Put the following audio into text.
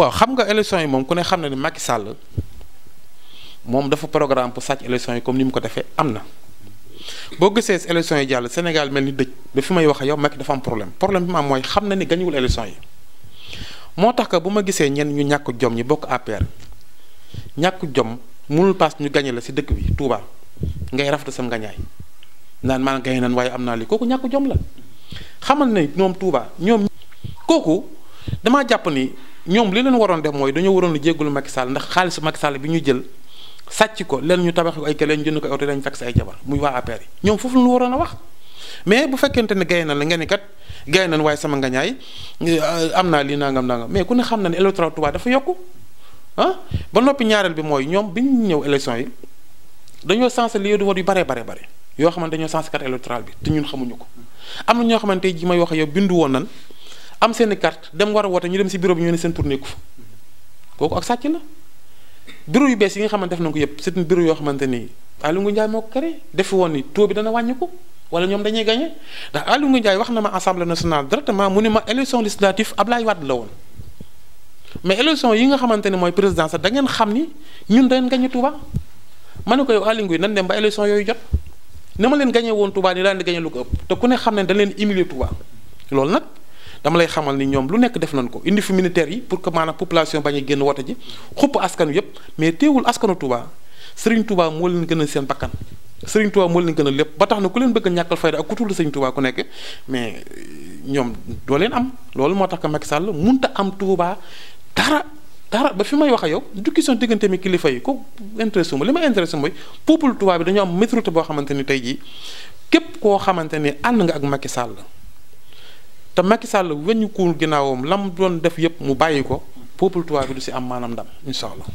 waaw xam nga élection yi moom ku ne xam na ni Macky Sall moom dafa programme pour sàcc élection yi comme ni mu ko defee am na boo gisee élection yi jàll Sénégal mel ni dëj ba fi may wax yow Macky dafa am problème problème bi ma am mooy xam na ni gañuwul élection yi moo tax que bu ma gisee ñenn ñu ñàkk jom ñi bokk APR ñàkk jom mënul paas ñu gañe la si dëkk bi Touba ngay rafetlu sam ngañaay naan maa gañe nan waaye am naa lii kooku ñàkk jom la ñoom li leen waroon def mooy dañoo waroon a jéggul Macky Sall ndax xaalis Macky Sall bi ñu jël sàcc ko leen ñu tabax ko ay kër leen jënd ko ay oto dañ fekk ay jabar muy APR wax mais bu ne gaye la kat gaye nañ waaye sama ngañaay eh, am naa lii nangam nangam mais ku ne xam na électoral dafa yokku ah ba noppi ñaareel bi mooy ñoom bi ñu ñëw élection yi dañoo sensé lieu de vote yu bare bare bare yoo xamante dañoo sensé carte électorale bi te ñun xamuñu ko am na ñoo ji may wax yow bindu nan am seen carte dem war a woote ñu dem si bureau bi ñu ne seen tournée ku fa kooku ak sàcc la bureau yu bees yi nga xamante def ko yëpp c'est un bureau yoo xamante ni Aliou Ngouille Ndiaye moo ko woon ni taux bi dana wàññi ko wala ñoom dañuy gagné ndax Aliou Ngouille wax na ma assemblée nationale directement mu ne ma élection législative Ablaye la woon mais élection yi nga xamante ne mooy président da ngeen xam ni ñun da ngeen gagné ma ne ko yow Aliou nan dem ba élection yooyu jot na ma leen gagné woon Touba ni daan di gagné lu ko ëpp te ku ne xam ne da leen humilier Touba loolu nag dama lay xamal ni ñoom lu nekk def nañ ko indi fi militaires yi pour que maanaam population bañ a génn wote ji xupp askan wi yépp mais teewul askanu Touba Serigne Touba moo leen gën a seen bakkan Serigne Touba moo leen gën a lépp ba tax na ku leen bëgg a ñàkkal fayda ak ku tudd Serigne Touba ku nekk mais euh, ñoom doo leen am loolu moo tax que Macky Sall munta am Touba dara dara ba fi may wax ak yow du question diggante mi kilifa yi ko intéressé ma li ma intéressé mooy peuple Touba bi dañoo am maturité boo xamante ni tey jii képp koo xamante ni ànd nga ak Macky Sall te Macky Sall weññu kuul la mu doon def yëpp mu bàyyi ko peuple tubaab du si am maanaam ndam incha allah.